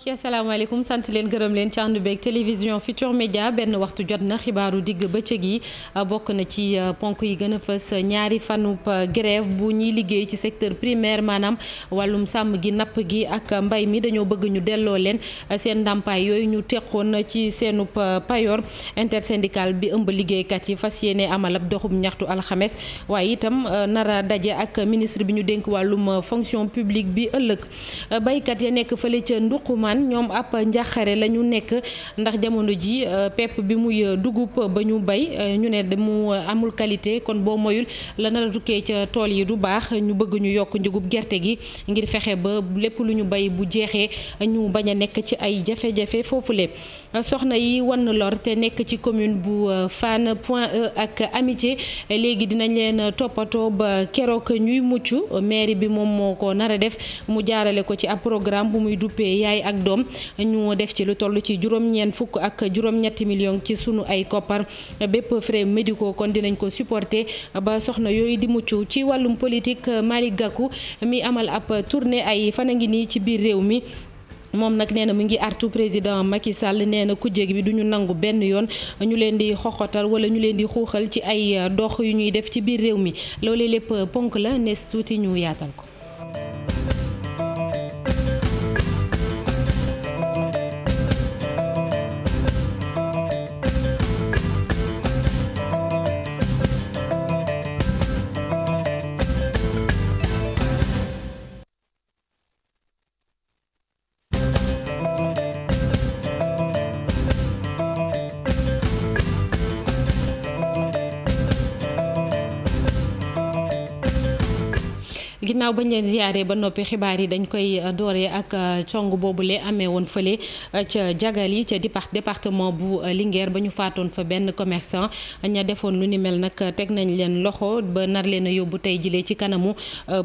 mbokk yi asalaamaaleykum sant leen gërëm leen ci ànd beeg télévision Futur Média benn waxtu jot na xibaaru digg bëccëg yi euh, bokk na ci euh, ponk yi gën a fës euh, ñaari fanub grève bu ñuy liggéey ci secteur primaire maanaam wàllum sàmm gi napp gi ak mbay mi dañoo bëgg ñu delloo leen seen ndàmpaay yooyu ñu teqoon ci seenub payoor intersyndical bi ëmb liggéeykat yi fas yéene amal ab doxub ñaxtu alxames waaye itam nara daje ak ministre bi ñu dénk wàllum fonction publique bi ëllëg Ousmane ñoom ab njàqare la ñu nekk ndax jamono ji euh, pepp bi muy euh, dugub ba ñu bay euh, ñu ne mu amul qualité kon boo moyul la nar a ca tool yi du baax ñu bëgg ñu yokk njëgub gerte gi ngir fexe ba lépp lu ñu bay bu jeexee ñu bañ a nekk ci ay jafe-jafe foofule soxna yi wan lor te nekk ci commune bu Fann Point E ak Amitié léegi dinañ leen toppatoo ba keroog ñuy mucc mairie bi moom moo ko nar a def mu jaarale ko ci ab programme bu muy duppee yaay ak ak doom ñu def ci lu toll ci juróom-ñeent fukk ak juróom-ñetti million ci sunu ay koppar bépp frais médicaux kon dinañ ko supporter ba soxna yooyu di mucc ci wàllum politique Malick Gakou mi amal ab tournée ay fan a ngi nii ci biir réew mi moom nag nee na mu ngi artu président Macky Sall nee na kujje bi du ñu nangu benn yoon ñu leen di xoxotal wala ñu leen di xuuxal ci ay dox yu ñuy def ci biir réew mi loolee lépp ponk la nees tuuti ñu yaatal ko. ginnaaw bañ leen ziyaaree ba noppi xibaar yi dañ koy euh, dooree ak euh, cong boobule amee woon fële euh, ca jagal yi ca département bu Linguère ba ñu faatoon fa benn commerçant ña defoon lu ni mel nag teg nañ leen loxo ba nar leen a yóbbu tey jilee ci kanamu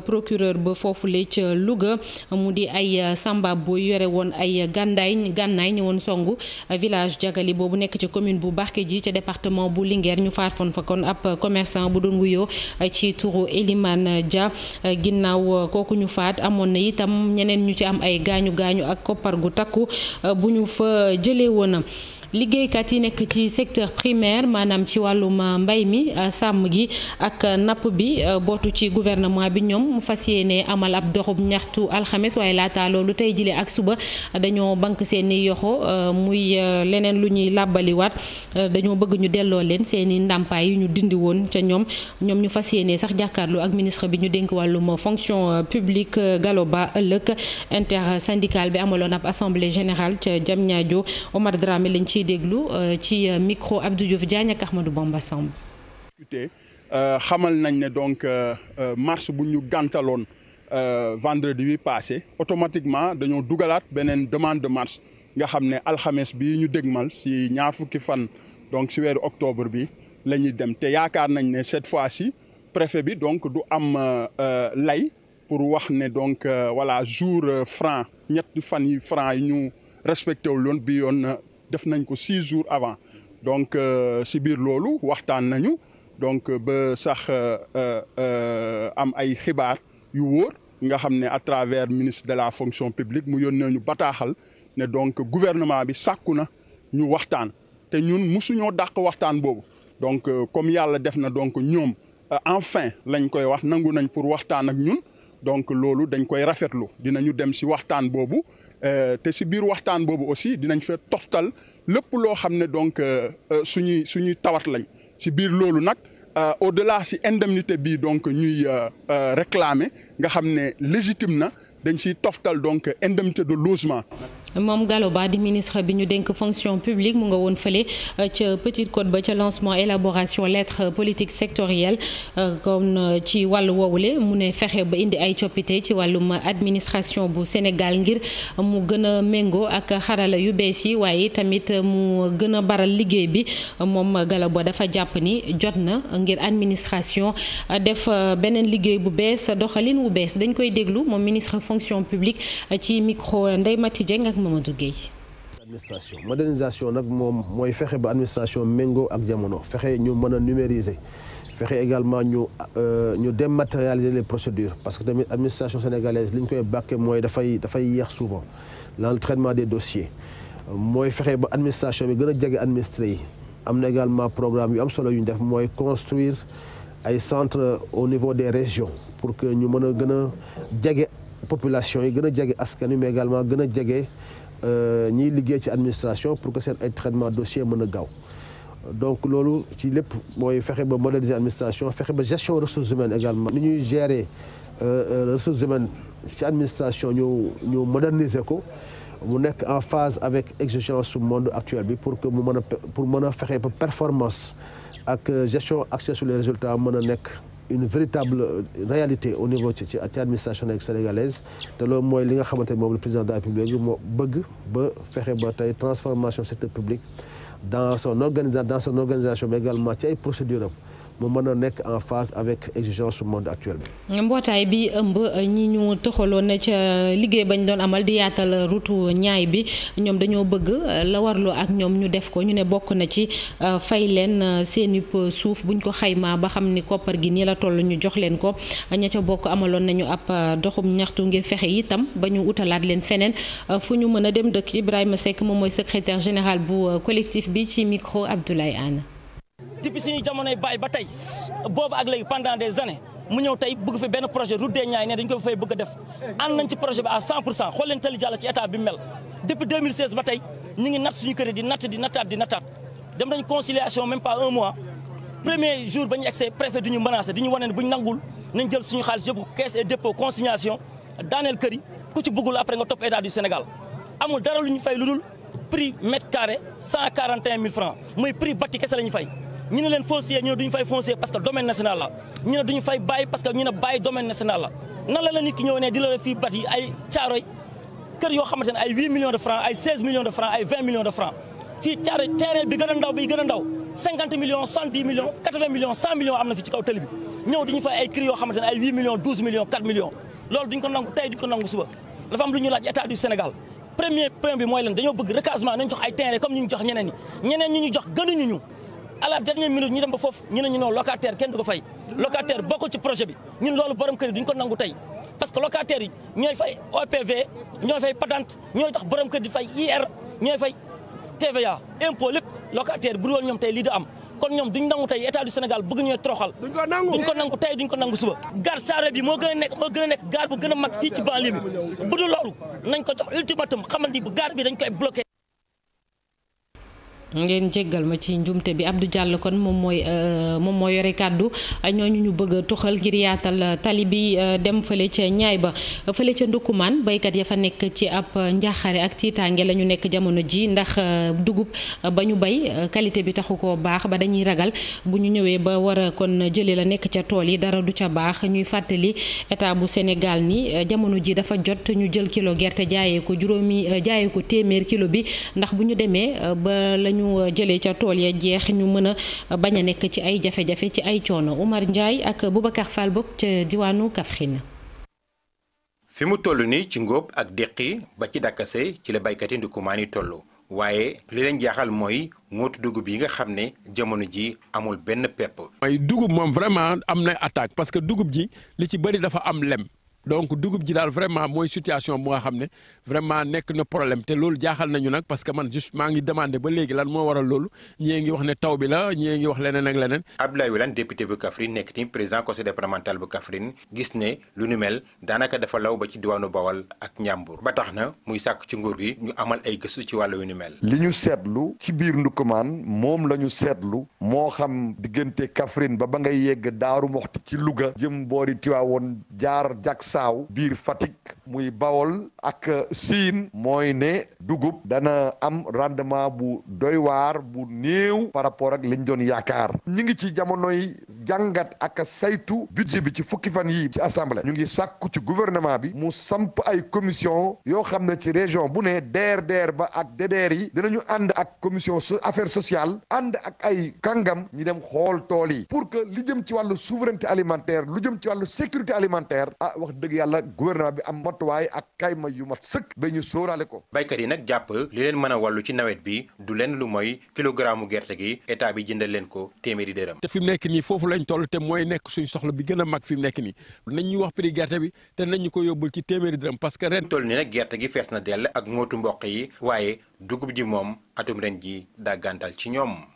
procureur ba foofu foofule ca Louga mu di ay samba bu yore woon ay gannaay gànnaay ñëwoon songu village jagali boobu nekk ci commune bu Barkédji ca département bu Linguère ñu faatoon fa kon ab commerçant bu doon wuyoo ci turu Elimane ginnaaw euh, kooku ñu faat amoon na itam ñeneen ñu ci am ay gaañu gaañu ak koppar gu takku euh, bu ñu fa jëlee woon liggéeykat yi nekk ci secteur primaire maanaam ci wàllum euh, mbay mi euh, sàmm gi ak napp bi euh, bootu ci gouvernement bi ñoom fas yéene amal ab doxub ñaxtu alxames waaye laata loolu tey jile ak suba dañoo bank seeni yoxo muy leneen lu ñuy làbbaliwaat dañoo bëgg ñu delloo leen seeni ndàmpaay yu ñu dindi woon ca ñoom ñoom ñu fas yéene sax jàkkaarloo ak ministre bi ñu dénk wàllum fonction publique Gallo Ba ëllëg intersyndical bi amaloon ab assemblée générale ca déglu euh, ci euh, micro Abdou Diouf Diagne ak Ahmadou Bamba Samb euh, xamal nañ ne donc marche bu ñu gàntaloon vendredi bi passé automatiquement dañoo dugalaat beneen demande de marche nga xam ne alxames bii ñu dégmal si ñaar fukki fan donc si weeru octobre bi la ñuy dem te yaakaar nañ ne cette fois-ci préfet bi donc du am lay pour wax ne donc voilà jour franc ñetti fan yi franc yi ñu respecté wu loon bi yoon def nañ ko six jours avant donc euh, si biir loolu waxtaan nañu donc euh, ba sax euh, am ay xibaar yu wóor nga xam ne à travers ministre de la fonction publique mu yónnee ñu bataaxal ne donc gouvernement bi sàkku na ñu waxtaan te ñun musuñoo dàq waxtaan boobu donc comme yàlla def na donc ñoom enfin lañ koy wax nangu nañ pour waxtaan ak ñun donc loolu dañ koy rafetlu dinañu dem si waxtaan boobu euh, te si biir waxtaan boobu aussi dinañ fee toftal lépp loo xam ne donc euh, euh, suñuy suñuy tawat lañ si biir loolu nag au-delà si indemnité bi donc ñuy réclamer nga xam ne légitime na dañ siy toftal donc indemnité de logement. moom Gallo Ba di ministre bi ñu dénk fonction publique mu nga woon fële euh, ca Petite Côte ba ca lancement élaboration lettre politique sectorielle euh, kon euh, ci wàllu woowule mu ne fexe ba indi ay coppite ci wàllum administration bu Sénégal ngir mu gën a méngoo ak xarala yu bees yi waaye tamit mu gën a baral liggéey bi moom Gallo dafa jàpp ni jot na ngir administration def beneen liggéey bu bees doxalin wu bees dañ koy déglu moom ministre fonction publique ci Mamadou Gueye. administration modernisation nag moom mooy fexe ba administration méngoo ak jamono fexe ñu mën a numériser fexe également ñu euh, ñu dématérialiser les procédures parce que tamit administration sénégalaise li koy bàkkee mooy dafay dafay yéex souvent dans traitement des dossiers mooy fexe ba administration bi gën a jege administré yi am na également programme yu am solo yu ñu def mooy construire ay centres au niveau des régions pour que ñu mën a gën a jege population yi gën a jege askan wi mais gën a jege euh, ñiy liggéey ci administration pour que seen ay traitement dossier mën a gaaw donc loolu ci lépp mooy fexe ba moderniser administration fexe ba gestion ressources humaines également ni ñuy gérer euh, euh, ressources humaines ci administration ñu ñu moderniser ko mu nekk en phase avec exigence su monde actuel bi pour que mu mën a pour mën a fexe ba performance ak gestion axée sur les résultats mën a nekk une véritable réalité au niveau ci ci administration nekk sénégalaise te mooy li nga xamante ne moom le président de la République bi moo bëgg ba fexe ba tey transformation secteur public dans son organisation dans son organisation mais également ci procédure mu mën a nekk en phase avec exigence su monde actuel bi. mbootaay bi ëmb ñi ñu toxaloon na ca liggéey bañ doon amal di yaatal rutu ñaay bi ñoom dañoo bëgg la warloo ak ñoom ñu def ko ñu ne bokk na ci euh, fay leen euh, seen suuf buñ ko xaymaa ba xam ni koppar gi nii la toll ñu jox leen ko ña bokk amaloon nañu ab euh, doxum ñaxtu ngir fexe itam ba ñu wutalaat leen feneen fu ñu mën a dem dëkk Ibrahima Seck moom mooy secretaire général bu collectif bi ci micro Abdoulaye Anne depuis suñu jamonoy baay ba tey boobu ak léegi pendant des années mu ñëw tey bëgg fi benn projet route des Niayes ne dañu ko fay bëgg a def ànd nañ ci projet bi à 100 pour cent xool leen tali jàll ci état bi mel depuis 2016 ba tey ñu ngi natt suñu kër di natt di nattaat di nattaat dem nañ conciliation même pas un mois premier jour ba ñu egsee préfet du ñu menacé di ñu ne bu ñu nangul nañ jël suñu xaalis yóbbu caisse et dépôt consignation daaneel kër yi ku ci bëggul après nga topp état du Sénégal amul dara lu ñu fay lu dul prix mètre carré 141 000 francs mooy prix bâti kese la ñu fay ñu ne leen foncier ñu ne duñu fay foncier parce que domaine national la ñu ne duñu fay bàyyi parce que ñu ne bàyyi domaine la nan la la nit ki ñëw ne di la fii ay caaroy kër yoo xamante ne ay 8 millions de francs ay 16 millions de francs ay caaroy terrain bi gën ndaw bi gën ndaw 50 millions 70 millions 80 millions 100 millions am na fi ci kaw tëli bi ñëw duñu fay ay kër yoo xamante ne ay 8 millions 12 millions 4 millions loolu du ñu à la dernière minute ñu dem ba foofu ñu ne ñu non locataire kenn du ko fay locataire bokkul ci projet bi ñun loolu borom duñ ko nangu tey parce que ñooy fay OPV ñooy fay patente ñooy tax borom kër fay IR ñooy fay TVA impôt lépp locataire bu ñoom tey lii am kon ñoom duñ nangu tey état du Sénégal bëgg ñooy troxal duñ ko nangu duñ duñ ko nangu suba gare Thiaroye bi moo gën a nekk moo bu gën a mag fii ci banlieue bi bu dul loolu nañ ko jox ultimatum xamal ngeen jéggal ma ci njumte bi Abdou jàll kon moom mooy euh, moom moo yore kàddu ñooñu ñu bëgg a tuxal ngir yaatal tali bi euh, dem fële ca ñaay ba fële ca ndukkumaan béykat ya fa nekk ci ab njaaxare ak tiitaange la ñu nekk jamono ji ndax euh, dugub ba ñu bay qualité bi taxu ko baax ba dañuy ragal bu ñu ñëwee ba war a kon jëlee la nekk ca tool yi dara du ca baax ñuy fàttali état bu Sénégal ni jamono ji dafa jot ñu jël kilo gerte jaayee ko juróomi jaaye ko téeméer kilo bi ñu euh, jëlee ca tool ya jeex ñu mën a euh, bañ a nekk ci ay jafe ci ay coono Oumar Ndiaye ak Boubacar Fall bokk ca diwaanu Kaffrine. fi mu toll nii ci ngóob ak deqi ba ci dakkase ci la baykat yi ndukkumaan yi toll waaye li leen jaaxal mooy mootu dugub yi nga xam ne jamono ji amul benn pepp. mooy dugub moom vraiment am na attaque parce que dugub ji li ci bëri dafa am lem. donc dugub ji daal vraiment mooy situation bu nga xam ne vraiment nekk na problème te loolu jaaxal nañu nag parce que man juste maa ngi demandé ba léegi lan moo waral loolu ñii ngi wax ne taw bi la ñii ngi wax leneen ak leneen. Abdoulaye Wilane député bu Kaffrine nekk tim président conseil départemental bu Kaffrine gis ne lu nu mel daanaka dafa law ba ci diwaanu Bawol ak Njàmbur ba tax na muy sàkk ci nguur gi ñu amal ay gëstu ci wàll yu nu mel. li ñu seetlu ci biir Ndoukoumane moom la ñu seetlu moo xam diggante Kaffrine ba ba ngay yegg Daaru Moxti ci Louga jëm boori Tiwaawoon jaar Jaks Saaw biir fatig muy Bawol ak euh, Siin mooy ne dugub dana am rendement bu doy waar bu néew par rapport ak liñ joon yaakaar ñu ngi ci jamonoy jàngat ak saytu budget bi ci fukki fan yi ci assemblée ñu ngi sàkku ci gouvernement bi mu samp ay commission yoo xam ne ci région bu ne DRDR ba ak DDR yi dinañu ànd ak commission affaire sociale ànd ak ay kangam ñi dem xool tool yi pour que li jëm ci wàllu souveraineté alimentaire lu jëm ci wàllu sécurité alimentaire ah wax dëgg yàlla gouvernement bi am waaye ak kayma yu mat sëkk ba ñu sóoraale ko baykat yi nag jàpp li leen mën a wàllu ci nawet bi du leen lu mooy kilogaraamu gerte gi état bi jëndal leen ko téeméeri dërëm te fi mu nekk nii foofu lañ toll te mooy nekk suñ soxla bi gën a mag fi mu nekk nii nañ ñu wax prix gerte bi te nañ ñu ko yóbbul ci téeméeri dërëm parce que ren toll ni nag gerte gi fees na dell ak mootu mboq yi waaye dugub ji moom atum ren ji dàggantal ci ñoom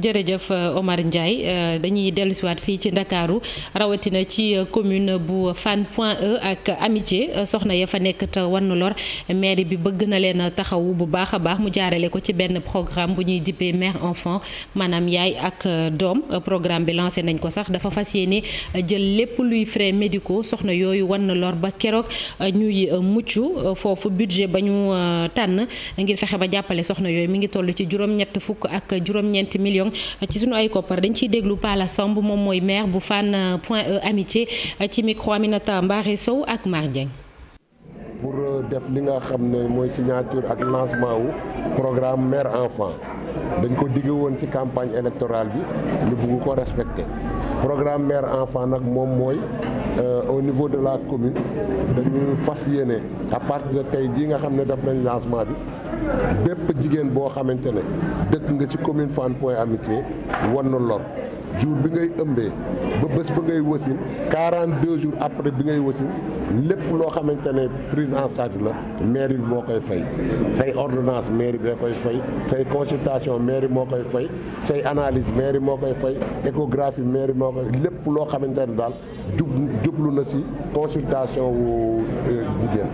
jërëjëf euh, Omar Ndiaye euh, dañuy dellusiwaat fii ci ndakaaru rawatina ci euh, commune bu Fann Point E ak Amitié soxna ya fa nekk te wannu lor maire bi bëgg na leen taxawu bu baax a baax mu jaarale ko ci benn programme bu ñuy dippee mère enfant maanaam yaay ak doom programme bi lancé nañ ko sax dafa fas yéene jël lépp luy frais médicaux soxna yooyu wannu lor ba keroog ñuy mucc foofu budget ba ñu tànn ngir fexe ba jàppale soxna yooyu mi ngi toll ci juróom-ñett fukk ak juróom-ñeenti Yong ci suñu ay koppar dañ ciy déglu Pala Samb moom mooy maire bu Fann Point E Amitié ci micro Aminata Mbaare Sow ak Mar Diagne pour euh, def li nga xam ne mooy signature ak lancement wu programme mère enfant dañ ko digg woon ci campagne électorale bi ñu bugg ko respecter programme mère enfant nag moom mooy euh, au niveau de la commune dañu fas yéene à de tey jii nga xam ne def nañ lancement bi bépp jigéen boo xamante ne dëkk nga ci commune Fann Point Amitié war na lor jour bi ngay ëmbee ba bés ba ngay wasin 42 jours après bi ngay wasin lépp loo xamante ne prise en charge la mairie bi moo koy fay say ordonnance mairie bi koy fay say consultation mairie moo koy fay say analyse mairie moo koy fay échographie mairie moo koy lépp loo xamante ne daal jub jublu na si consultation wu euh, jigéen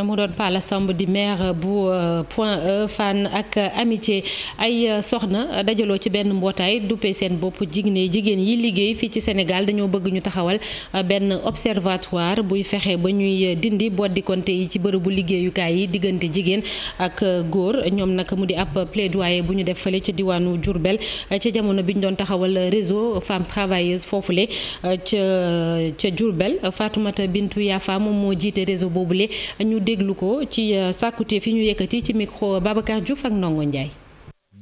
mu doon Palla Samb di maire bu euh, Point E Fann ak euh, Amitié ay euh, soxna dajaloo ci benn mbootaay duppee seen bopp jigéen jigéen yi liggéey fii ci Sénégal dañoo bëgg ñu taxawal benn observatoire buy fexe ba ñuy dindi boddikonte yi ci bërëbu liggéeyukaay yi diggante jigéen ak góor ñoom nag mu di ab plaidoyer bu ñu def fële ci diwaanu Diourbel ci jamono bi ñu doon taxawal réseau femmes travailleuses foofule ca ca Diourbel Fatoumata Bintou Yafa moom moo jiite réseau boobule déglu ko ci euh, sàkkute fi ñu yëkkati ci micro Babacar Diouf ak Ndongo Ndiaye.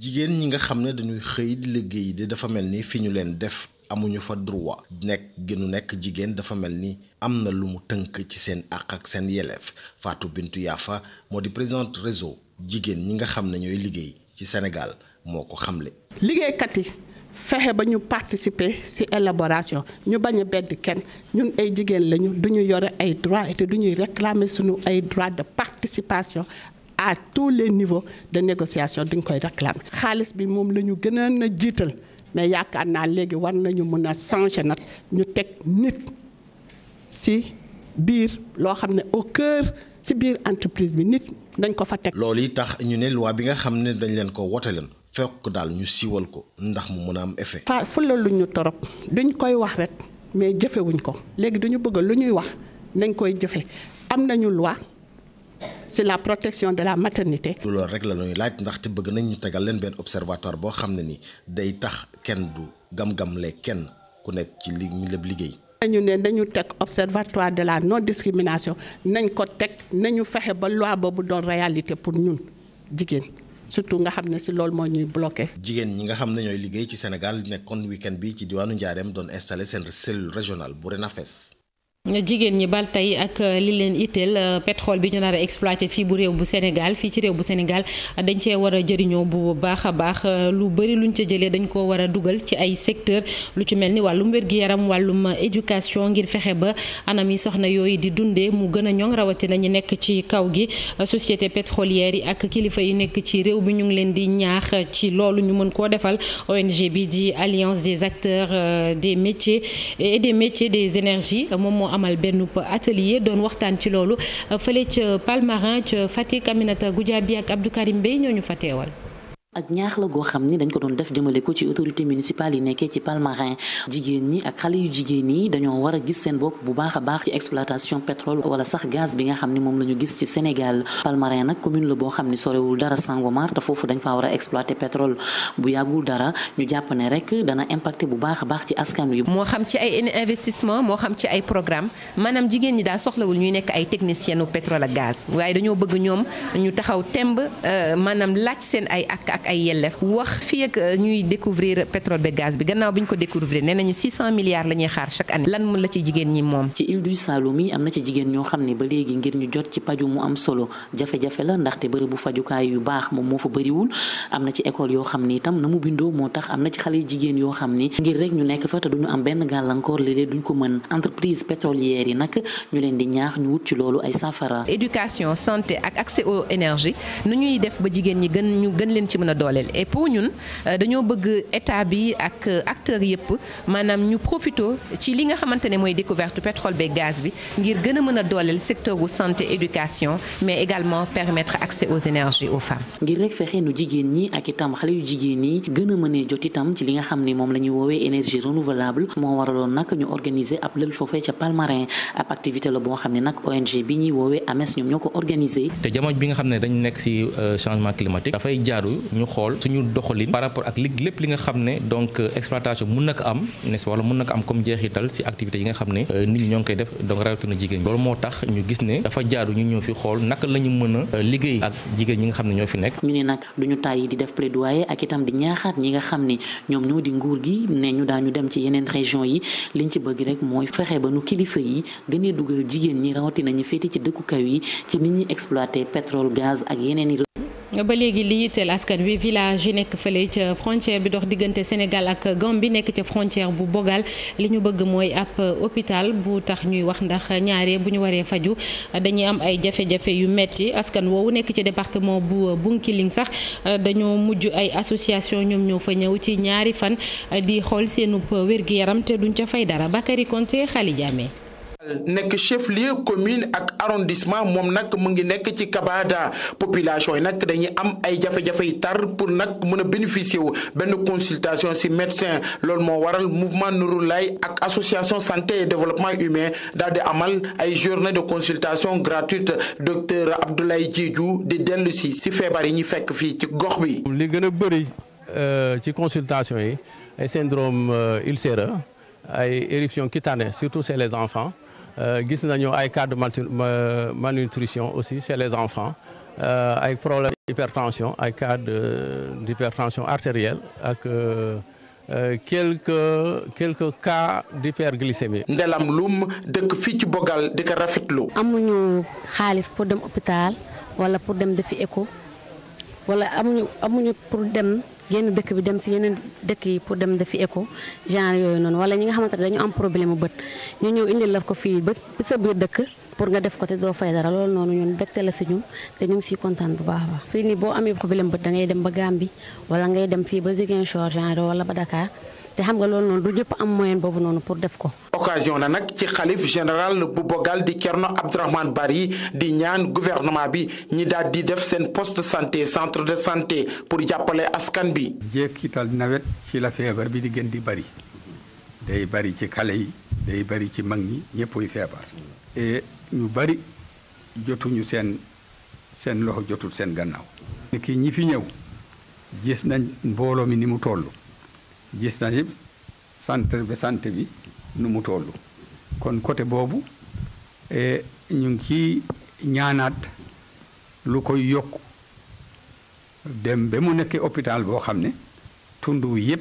jigéen ñi nga xam ne dañuy xëy liggéey de dafa mel ni fi ñu leen def amuñu fa droit nekk nu nekk jigéen dafa mel ni am na lu mu tënk ci seen àq ak seen yeleef Fatou Bintou fa moo di présidente réseau jigéen ñi nga xam ne ñooy liggéey ci Sénégal moo ko xamle. liggéeykat fexe ba ñu participer ci élaboration ñu bañ a bedd kenn ñun ay jigéen lañu du ñu yore ay droits te du ñuy réclamer suñu ay droits de participation à tous les niveaux de négociation di nga koy réclamer. xaalis bi moom la ñu gënoon a jiital mais yaakaar naa léegi war nañu mën a changer nag ñu teg nit ci biir loo xam ne au cœur ci biir entreprise bi nit dañ ko fa teg. loolu yi tax ñu ne luwaa bi nga xam ne dañ leen ko wote leen fekk daal ñu siiwal ko ndax mu mën a am effet. fa fulla lu ñu torop duñ koy wax rek mais jëfewuñ ko léegi duñu bëgg lu ñuy wax nañ koy jëfe am nañu loi sur la protection de la maternité. lool rek la ñuy laaj ndaxte bëgg nañu tegal leen benn observatoire boo xam ne nii day tax kenn du gam-gamle kenn ku nekk ci li mi lépp liggéey. nañu ne nañu teg observatoire de la non discrimination nañ ko teg nañu fexe ba loi boobu doon réyalité pour ñun jigéen. surtout nga xam ne si lool moo ñuy bloqué. jigéen ñi nga xam ne ñooy liggéey ci Sénégal nekkoon week-end bi ci diwaanu Ndiarème doon installé seen cellule régionale bu RENAFES jigéen ñi bal tey ak euh, li leen itteel euh, pétrole bi ñu nar a exploité fii bu réew bu Sénégal fii ci réew bu Sénégal dañ cee war a jëriñoo bu baax a baax euh, lu bëri luñ ca jëlee dañ ko war a dugal ci ay secteur lu ci mel ni wàllum wér-gi-yaram wàllum éducation ngir fexe ba anam yi soxna yooyu di dundee mu gën a ñoŋ rawatina ñu nekk ci kaw gi société pétrolière yi ak kilifa yi nekk ci réew bi ñu ngi leen di ñaax ci loolu ñu mën koo defal ONG bi di Alliance des acteurs des métiers et des des énergies moom amal benn atelier doon waxtaan ci loolu fële ca Palmarin ca Fatick Aminata bi ak Abdou Karim Bey ñoo ñu fa teewal. ak ñaax la goo xam ni dañ ko doon def jëmale ko ci autorité municipale yi nekkee ci Palmarin jigéen ñi ak xale yu jigéen yi dañoo war gis seen bopp bu baax a baax ci exploitation pétrole bi nga xam ni moom la ñu gis boo xam ni sorewul dara Sangomar te foofu dañ faa a exploiter bu yàggul dara ñu jàpp ne rek dana impacter bu baax a baax ci askan wi. moo xam ci ay investissement moo xam ci ay programme maanaam jigéen ñi daal soxlawul ñuy nekk ay techniciens pétrole ak gaz waaye dañoo bëgg ñoom ñu taxaw temb euh, maanaam laaj seen ay ak ak ay yellef wax fii euh, ñuy découvrir pétrole be gaz bi gannaaw bi ñu ko découvrir nee nañu 600 milliards la ñuy xaar chaque année lan mun la ci jigéen ñi moom. ci île du Saloum yi am na ci jigéen ñoo xam ne ba léegi ngir ñu jot ci paju mu am solo jafe-jafe la ndaxte bërëbu fajukaay yu baax moom moo fa bëriwul am na ci école yoo xam ni itam na mu bindoo moo tax am na ci xale jigéen yoo xam ni ngir rek ñu nekk fa te duñu am benn gàllankoor léeg-léeg duñ ko mën entreprise pétrolière yi nag ñu leen di ñaax ñu wut ci loolu ay safara éducation santé ak accès aux énergies nu ñuy def ba jigéen a dooleel et pour ñun euh, dañoo bëgg état bi ak euh, acteurs yëpp maanaam ñu profito ci li nga xamante ne mooy découverte pétrole beeg gaz bi ngir gën a mën a dooleel secteur wu santé éducation mais également permettre accès aux énergies aux femmes. ngir rek fexe nu jigéen ñi ak itam xale yu jigéen ñi gën a mënee jot itam ci li nga xam ni moom la ñuy woowee énergie renouvelable moo waraloon nag ñu organiser ab lël foofee ca Palmarin ab activité la boo xam ne nag ONG bi ñuy woowee AMES ñoo ko organiser. te jamono bi nga xam ne dañu nekk ci euh, changement climatique dafay jaaru. ñu xool suñu doxalin par rapport ak li lépp li nga xam ne donc euh, exploitation mun na ko am n'est-ce pas wala mun na ko am comme jeexital si activité yi nga xam ne euh, nit ñi a euh, liggéey ak jigéen ñi nga xam ne ñoom ñoo di nguur gi ne ñu daañu dem ci yeneen région yi liñ ci bëgg mooy fexe ba nu kilifa yi gën a dugal jigéen ñi rawatina ñu féete ci dëkkukaw yi ci nit ñi exploité pétrole gaz ak yeneen ba léegi li yitteel askan wi village yi nekk fële ca frontière bi dox diggante Sénégal ak bi nekk ca frontière bu Bogal li ñu bëgg mooy ab hôpital bu tax ñuy wax ndax ñaare bu ñu waree faju dañuy am ay jafe-jafe yu metti askan woowu nekk ci département bu Bunkiling sax dañoo mujj ay association ñoom ñoo fa ñëw ci ñaari fan di xool seenub wér-gi-yaram te duñ ca fay dara Bakary Konte Khali Diamé nekk chef lieu commune ak arondissement moom nag mu ngi nekk ci Kabada population yi nag dañuy am ay jafe-jafe tar pour nag mën a bénéficier wu benn consultation si médecin lool moo waral mouvement Nouroulaye ak association santé et développement humain daal di amal ay journée de consultation gratuite docteur Abdoulaye Diédhiou di dellu si si feebar yi ñu fekk fii ci gox bi. li gën a bëri euh, ci consultation yi ay syndrome euh, ulcéreux ay éruption cutanée surtout chez les enfants. Euh, gis nañu ay cas de malnutrition aussi chez les enfants euh, ay problème hypertension ay cas de d'hypertension artérielle ak euh, quelques quelques cas d'hyperglycémie. Ndelam Loum dëkk fii ci Bogal di ko rafetlu. amuñu xaalis pour dem hôpital wala pour dem defi écho wala amuñu pour dem. génn dëkk bi dem si yeneen dëkk yi pour dem defi écho genre yooyu noonu wala ñi nga xamante ne dañu am problème bët ñu ñëw indi la ko fii ba sa biir dëkk pour nga def ko te doo fay dara loolu noonu ñun bégte la si ñun te ñu ngi kontaan bu baax a baax. fii nii boo amee problème bët da ngay dem ba Gambie wala ngay dem fii ba Ziguinchor genre wala ba Dakar te xam nga loolu noonu du jëpp am moyen boobu noonu pour def ko. occasion na nag ci xalif général bu Bogal di Thierno Abdourahmane Bari di ñaan gouvernement bi ñi daal di def seen poste de santé centre de santé pour jàppale askan bi. jeexital nawet ci la feebar bi di gën di bari day bari ci xale yi day bari ci mag ñi ñëppuy feebar. et ñu bari jotuñu seen seen loxo jotul seen gannaaw. ki ñi fi ñëw gis nañ mbooloo mi ni mu toll gis nañ centre de santé bi. nu mu toll kon côté boobu e, ñu ngi ci ñaanaat lu koy yokk dem ba mu nekkee hôpital boo xam ne tund wi yëpp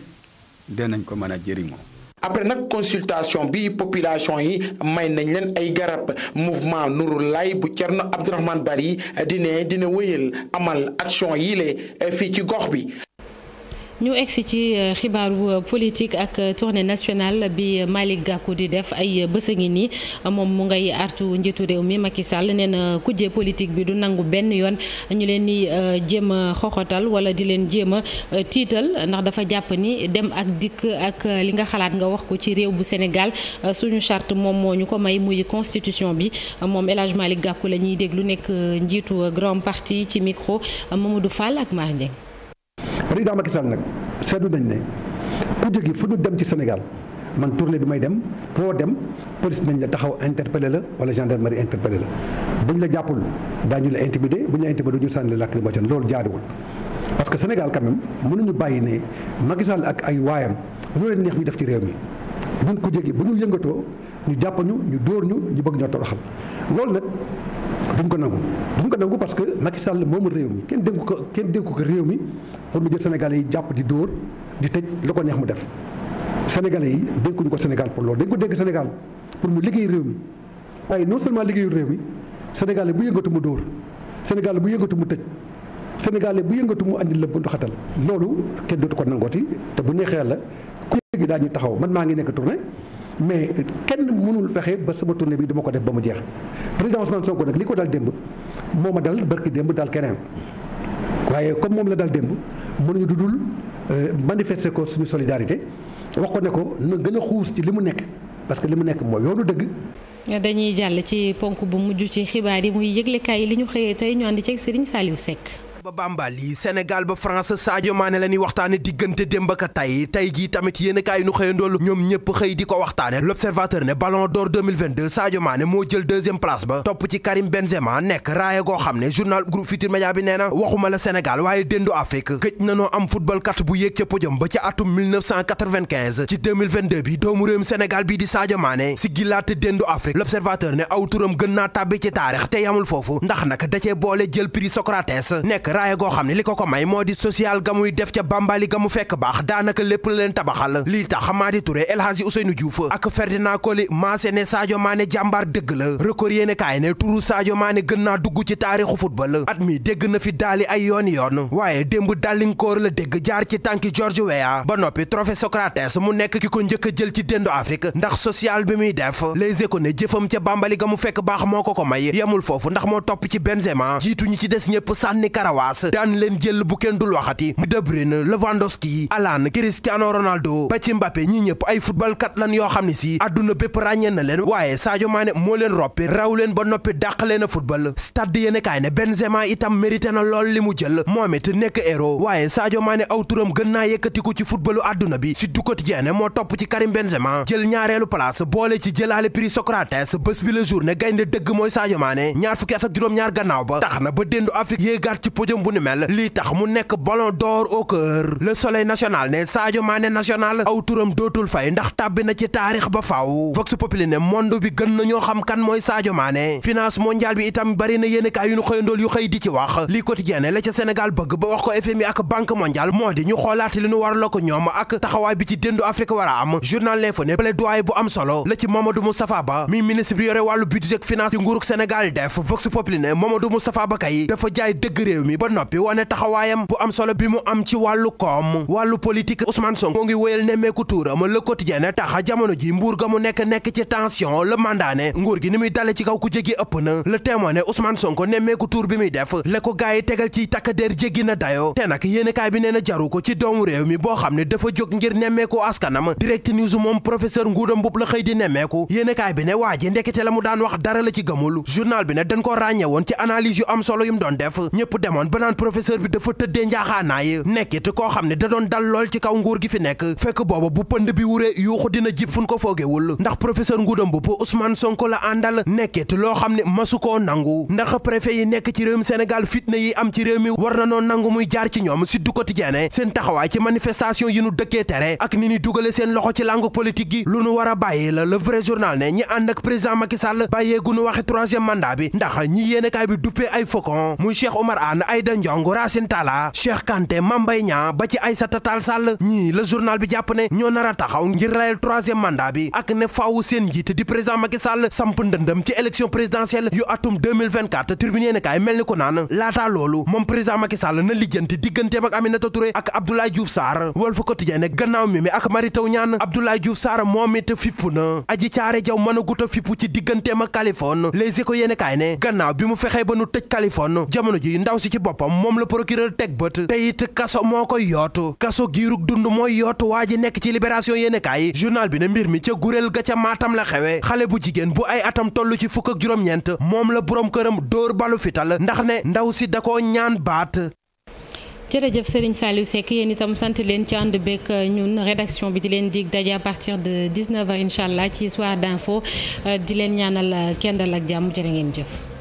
danañ ko mën a jëriñoo. après nag consultation bi population yi may nañ leen ay garab mouvement nuru Laay bu Cerno Abdourahmane Bari di ne dina wéyal amal action yi le e, fii ci gox bi. ñu egsi ci euh, xibaaru euh, politique ak euh, tournée nationale bi Malick Gakou di def ay bés a moom mu ngay artu njiitu réew mi Macky Sall nee na kujje politique bi du nangu benn yoon ñu leen di jéem a xoxotal wala di leen jéem a tiital ndax dafa jàpp ni dem ak dikk ak li nga xalaat nga wax ko ci réew bu Sénégal suñu chart moom moo ñu ko may muy constitution bi moom El Hadj Malick Gakou la ñuy déglu nekk njiitu grand parti ci micro du Fall ak Mar président Macky Sall nag seetlu nañ ne kuje gi fu ñu dem ci Sénégal man tournée bi may dem foo dem police nañ la taxaw interpellé la wala gendarmerie interpellé la buñ la jàppul daañu la intimider buñ la intimider ñu sànni la lacrymogène loolu jaaduwul. parce que Sénégal quand même mënuñu bàyyi ne Macky Sall ak ay waayam lu neex ñu def ci réew mi ñun kuje gi bu ñu yëngatoo ñu jàpp ñu ñu dóor ñu ñu bëgg ñoo toroxal loolu nag. duñ ko nangu duñ ko nangu parce que Macky Sall moomu réew mi kenn dénku ko kenn dénku ko réew mi pour mu jël Sénégalais yi jàpp di dóor di tëj lu ko neex mu def Sénégalais yi dénkuñu ko senegal pour loolu dañ ko dégg Sénégal pour mu liggéey réew mi waaye non seulement liggéeyu réew mi Sénégalais bu yëngatu mu dóor Sénégalais bu yëngatu mu tëj Sénégalais bu yëngatu mu andil la bundu xatal loolu kenn dootu ko nangooti te bu neexee la ku léegi ñu taxaw man maa ngi nekk tournée mais kenn mënul fexe ba sama tournée bi dama ko def ba mu jeex président Ousmane Sonko nag ko dal démb moo ma dal barki démb dal keneen waaye comme moom la dal démb. mënuñu dudul euh, manifester ko suñu solidarité wax ko ne ko na gën a xuus ci li mu nekk parce que li mu nekk mooy yoonu dëgg. dañuy jàll ci ponk bu mujj ci xibaar yi muy yëglekaay yi li ñu xëyee tey ñu ànd ceeg Serigne Saliou Seck. ba Bambali Sénégal ba France Sadio Mané la ñuy waxtaane diggante démb ak tey tey jii tamit yéen kaay nu xëya ndool ñoom ñëpp xëy di ko waxtaane l'observateur ne Ballon d'or 2022 Sadio Mané moo jël deuxième place ba topp ci Karim Benzema nekk raaya goo xam ne journal groupe Futurs Médias bi nee waxuma la Sénégal waaye déndu Afrique gëj na noo am football bu yéeg ca podium ba ca atum 1995 ci 2022 bi doomu réewum Sénégal bii di Sadio Mané si gilaate déndu Afrique l'observateur ne aw turam gën naa ndax nag da cee boole jël raaya goo xam ne li ko ko may moo di social ga muy def ca bambali ga mu fekk baax daanaka lépp la leen tabaxal lii tax Madi Touré El Hadji Ousseynou Diouf ak Ferdinand Coly maase ne Sadio Mané jàmbar dëgg la record yéene kaay ne turu Sadio Mané gën naa dugg ci taarixu football at mi dégg na fi daali ay yooni yoon waaye démb dàllinkóor la dégg jaar ci tànki George Weah ba noppi trophée Socrates mu nekk ki ko njëkk jël ci déndu Afrique ndax social bi muy def les éco ne jëfam ca bambali ga mu fekk baax moo ko ko may yemul foofu ndax moo topp ci Benzema jiitu ñi ci des ñëpp sànni karaw Navas daan leen jël bu kenn dul waxati De Bruyne Lewandowski Alan Cristiano Ronaldo ba ci Mbappé ñi ñëpp ay football kat yoo xam ne si àdduna bépp ràññee na leen waaye Sadio Mané moo leen roppi raw leen ba noppi dàq leen a football stade yéene kaay ne Benzema itam mérité na lool li mu jël moom it nekk héros waaye Sadio Mané aw turam gën naa yëkkatiku ci footballu àdduna bi si du quotidien moo topp ci Karim Benzema jël ñaareelu place boole ci jëlaale la journée gaynde dëgg mooy Sadio Mané ñaar fukki at ak juróom-ñaar gannaaw podium bu ni mel lii tax mu nekk ballon d'or au cœur le soleil national ne Sadio Mané national aw turam dootul fay ndax tàbbi na ci taarix ba faaw Vox Populi ne monde bi gën na ñoo xam kan mooy Sadio Mané finance mondiale bi itam bari na yéen kaay yu ñu xëyandool yu xëy di ci wax lii quotidien la ca Sénégal bëgg ba wax ko FMI ak banque mondiale moo di ñu xoolaat li ñu war la ko ñoom ak taxawaay bi ci déndu Afrique war a am journal l'info ne plaidoyer bu am solo la ci Mamadou Moustapha Ba mi ministre bi yore wàllu budget ba noppi wane taxawaayam bu am solo bi mu am ci wàllu koom wàllu politique Ousmane Sonko moo ngi wéyal nemmeeku tuuram Le Quotidien tax jamono ji mbuur ga mu nekk nekk ci tension la mandaane nguur gi ni muy dale ci kaw ku jege ëpp na Le Témoin ne Ousmane Sonko nemmeeku tuur bi muy def la ko gaay yi tegal ci takk der jéggi na dayo te nag yéenekaay bi nee na jaru ko ci doomu réew mi boo xam ne dafa jóg ngir nemmeeku askanam Direct News moom professeur Ngouda Mboup la xëy di nemmeeku yéenekaay bi ne waa ji ndekete la mu daan wax dara la ci gëmul journal bi ne dañ ko ràññe woon ci analyse yu am solo yum doon def ñëpp demoon demoon ba naan professeur bi dafa tëddee njaaxaanaay nekkit koo xam ne da doon dal lool ci kaw nguur gi fi nekk fekk booba bu pënd bi wuree yuuxu dina jib fun ko foogewul ndax professeur Ngouda Mboup Ousmane Sonko la àndal nekkit loo xam ne masu koo nangu ndax préfet yi nekk ci réewum Sénégal fitna yi am ci réew mi war na noo nangu muy jaar ci ñoom Sud Quotidien seen taxawaay ci manifestation yi nu dëkkee tere ak ni ni dugale seen loxo ci langue politique gi lu nu war a bàyyi la le vrai journal ne ñi ànd ak président Macky Sall bàyyeegu nu waxe troisième bi ndax ñi yéenekaay bi duppee Aïda Ndiong Racine Talla Cheikh Kanté Mame Mbaye Niang ba ci Aïssata Tall Sall ñii la journal bi jàpp ne ñoo nar a taxaw ngir rayal troisième mandat bi ak ne faawu seen njiit di président Macky Sall samp ndëndëm ci élection présidentielle yu atum 2024 tribune yéen mel ni ko naan laataa loolu moom président Macky Sall na lijjanti digganteem ak Aminata ak Abdoulaye Diouf Sarr Walf Quotidien gannaaw moom it fippu na aji caare jaw mën a gut a fippu ci digganteem boppam moom la procureur teg bët te it kaso moo ko yootu kaso giirug dund mooy yootu waa ji nekk ci libération yéene kaay journal bi ne mbir mi ca gureel ga ca maatam la xewe xale bu jigéen bu ay atam toll ci fukk ak juróom-ñeent moom la boroom këram dóor balu fital ndax ne ndaw si da ko ñaan baat jërëjëf Serigne Saliou Seck yéen itam sant leen ci ànd beeg ñun rédaction bi di leen dig daje à partir de 19h incha allah ci soir d'info di leen ñaanal kendal ak jàmm jërë ngeen jëf.